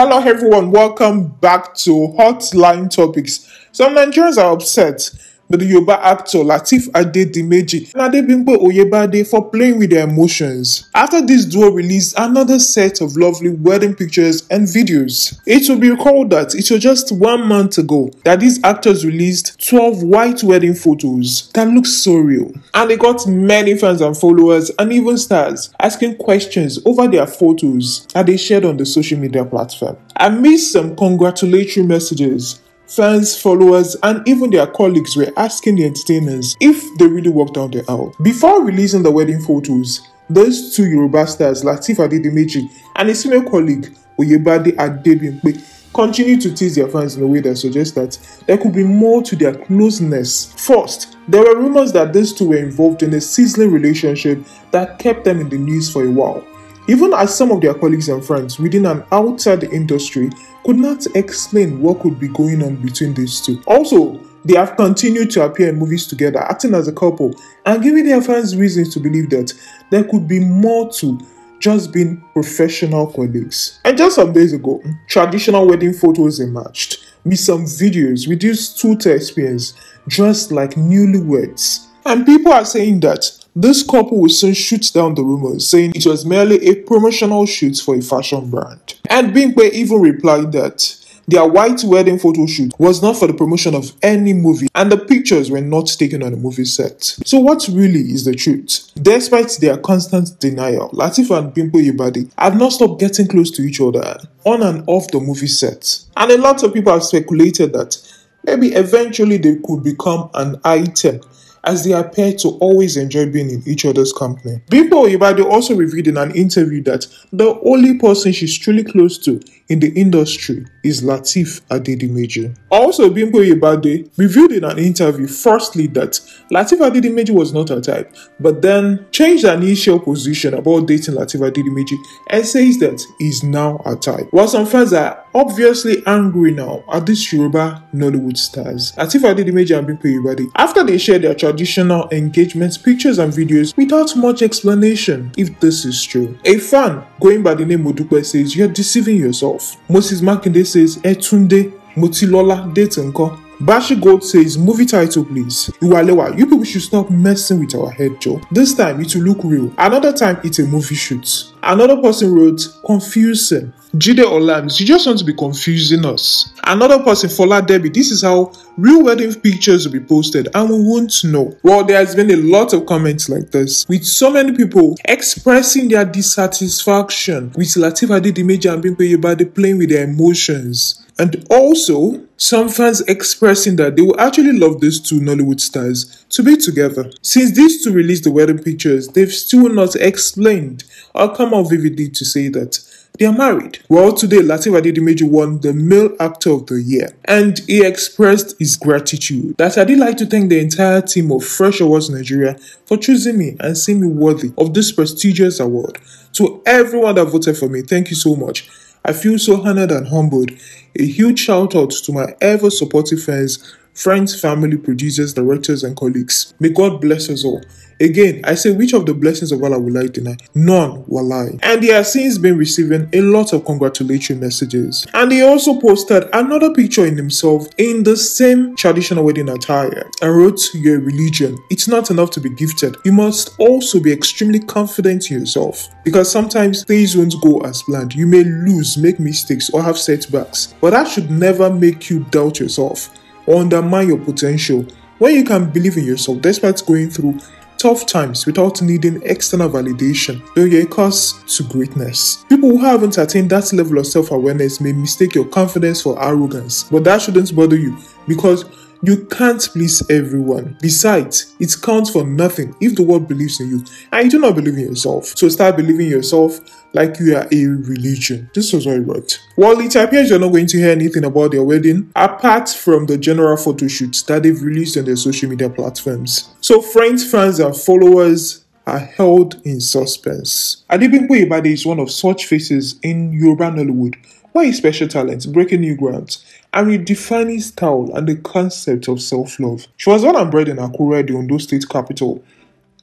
Hello, everyone. Welcome back to Hotline Topics. Some Nigerians are upset the Yoba actor Latif Adedimeji and Adebimpe Oyebade for playing with their emotions. After this duo released another set of lovely wedding pictures and videos. It will be recalled that it was just one month ago that these actors released 12 white wedding photos that look so real. And they got many fans and followers and even stars asking questions over their photos that they shared on the social media platform. Amidst some congratulatory messages, Fans, followers, and even their colleagues were asking the entertainers if they really walked out the aisle. Before releasing the wedding photos, those two Yoruba stars, Lateef Adedimeji and his female colleague, Oyebade Adebimpe, continue to tease their fans in a way that suggests that there could be more to their closeness. First, there were rumors that these two were involved in a sizzling relationship that kept them in the news for a while. Even as some of their colleagues and friends within and outside the industry could not explain what could be going on between these two. Also, they have continued to appear in movies together, acting as a couple, and giving their fans reasons to believe that there could be more to just being professional colleagues. And just some days ago, traditional wedding photos emerged with some videos with these two thespians dressed like newlyweds. And people are saying that this couple will soon shoot down the rumors, saying it was merely a promotional shoot for a fashion brand. And Bingbe even replied that their white wedding photo shoot was not for the promotion of any movie, and the pictures were not taken on a movie set. So, what really is the truth? Despite their constant denial, Latif and Bimbo Yubadi have not stopped getting close to each other on and off the movie set. And a lot of people have speculated that maybe eventually they could become an item as they appear to always enjoy being in each other's company. Bimbo Oyibade also revealed in an interview that the only person she's truly close to in the industry is Latif Adedimeji. Also, Bimbo Yebade revealed in an interview firstly that Latif Adedimeji was not her type, but then changed her initial position about dating Latif Adedimeji and says that he's now her type. While some fans are obviously angry now at these Yoruba Nollywood stars, Latif Adedimeji and Bimbo Yebade, after they shared their traditional engagements, pictures and videos without much explanation if this is true. A fan going by the name Odupe says, You're deceiving yourself. 12. Moses Makinde says Etunde Motilola Detenko. Bashi Gold says, movie title please. Iwalewa, you people should stop messing with our head, Joe. This time it will look real. Another time it's a movie shoot. Another person wrote, confusing. Jide Olams, you just want to be confusing us. Another person, Fola Debbie, this is how real wedding pictures will be posted and we won't know. Well, there has been a lot of comments like this, with so many people expressing their dissatisfaction with Latif Adedimeji and Bimpe Yebade playing with their emotions. And also, some fans expressing that they would actually love these two Nollywood stars to be together. Since these two released the wedding pictures, they've still not explained or come out vividly to say that they are married. Well, today Latif Adedimeji won the Male Actor of the Year and he expressed his gratitude. That I'd like to thank the entire team of Fresh Awards Nigeria for choosing me and seeing me worthy of this prestigious award. To everyone that voted for me, thank you so much. I feel so honored and humbled. A huge shout out to my ever supportive fans friends, family, producers, directors, and colleagues. May God bless us all. Again, I say, which of the blessings of Allah will I deny? None will I. And he has since been receiving a lot of congratulatory messages. And he also posted another picture in himself in the same traditional wedding attire and wrote, Your religion, it's not enough to be gifted. You must also be extremely confident in yourself because sometimes things won't go as planned. You may lose, make mistakes, or have setbacks, but that should never make you doubt yourself or undermine your potential when you can believe in yourself despite going through tough times without needing external validation, then you're cause to greatness. People who haven't attained that level of self awareness may mistake your confidence for arrogance, but that shouldn't bother you because you can't please everyone. Besides, it counts for nothing if the world believes in you and you do not believe in yourself. So start believing in yourself, like you are a religion. This was what he wrote. Well, it appears you're not going to hear anything about their wedding apart from the general photo shoots that they've released on their social media platforms. So, friends, fans, and followers are held in suspense. Adibinkwe Ibade is one of such faces in Yoruba Nollywood, Why his special talents, breaking new grounds, and redefining style and the concept of self-love. She was born and bred in Akure, the Ondo State capital,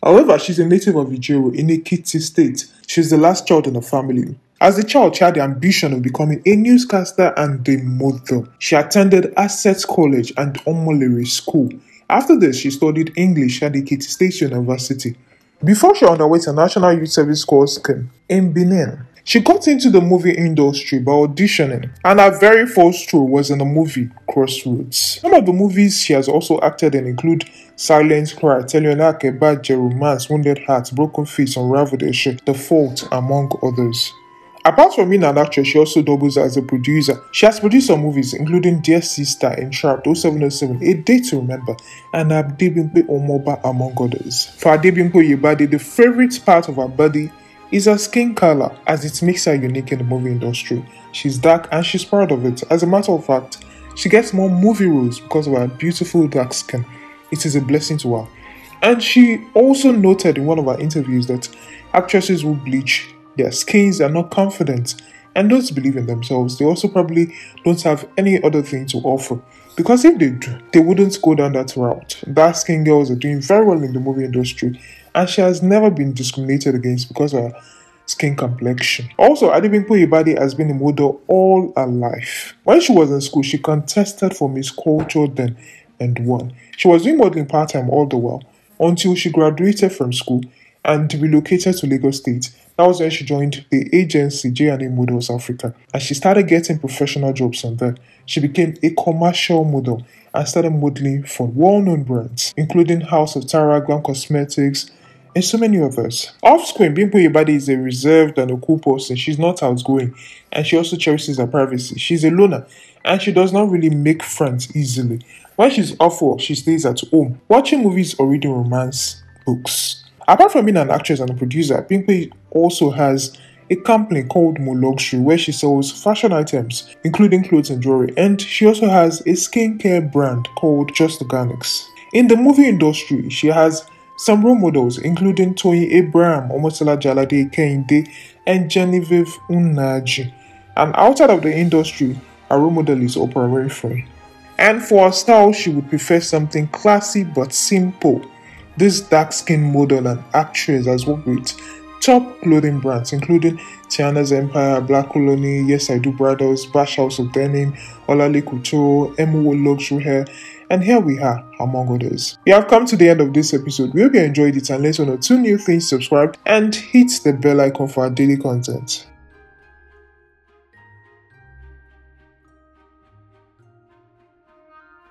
However, she's a native of Ijero in Ekiti State. She's the last child in her family. As a child, she had the ambition of becoming a newscaster and a model. She attended Assets College and Omolere School. After this, she studied English at Ekiti State University before she underwent a national youth service course in Benin. She got into the movie industry by auditioning, and her very first role was in the movie Crossroads. Some of the movies she has also acted in include Silence Cry, Bad Kebaje, Romance, Wounded Hearts, Broken Feet, Unraveled Issue, The Fault, among others. Apart from being an actress, she also doubles as a producer. She has produced some movies including Dear Sister, Entrapped, 0707, A Day to Remember, and Abdibimpe Omoba, among others. For Adibimpe Yebade, the favorite part of her body is her skin color, as it makes her unique in the movie industry. She's dark and she's proud of it. As a matter of fact, she gets more movie roles because of her beautiful dark skin. It is a blessing to her. And she also noted in one of her interviews that actresses who bleach their skins are not confident and don't believe in themselves. They also probably don't have any other thing to offer. Because if they do, they wouldn't go down that route. Dark skin girls are doing very well in the movie industry and she has never been discriminated against because of her skin complexion. Also, Adibimpo Ibadi has been a model all her life. When she was in school, she contested for Miss Culture then and won. She was doing modeling part time all the while until she graduated from school and relocated to Lagos State. That was when she joined the agency J&A Models Africa and she started getting professional jobs on there. She became a commercial model and started modeling for well-known brands including House of Tara, Glam Cosmetics, and so many of us. Off screen, Bimpo Yebade is a reserved and a cool person. She's not outgoing, and she also cherishes her privacy. She's a loner, and she does not really make friends easily. When she's off work, she stays at home, watching movies or reading romance books. Apart from being an actress and a producer, Bimpo also has a company called Mo Luxury where she sells fashion items, including clothes and jewelry, and she also has a skincare brand called Just Organics. In the movie industry, she has some role models, including Toyin Abraham, Omotola Jalade Kehinde, and Genevieve Unaji, and outside of the industry, her role model is Oprah Winfrey. And for her style, she would prefer something classy but simple. This dark skinned model and actress has worked with top clothing brands, including Tiana's Empire, Black Colony, Yes I Do Brothers, Bash House of Denim, Olale Couture, MO Luxury Hair, and here we are, among others. We have come to the end of this episode. We hope you enjoyed it and let us know two new things subscribe and hit the bell icon for our daily content.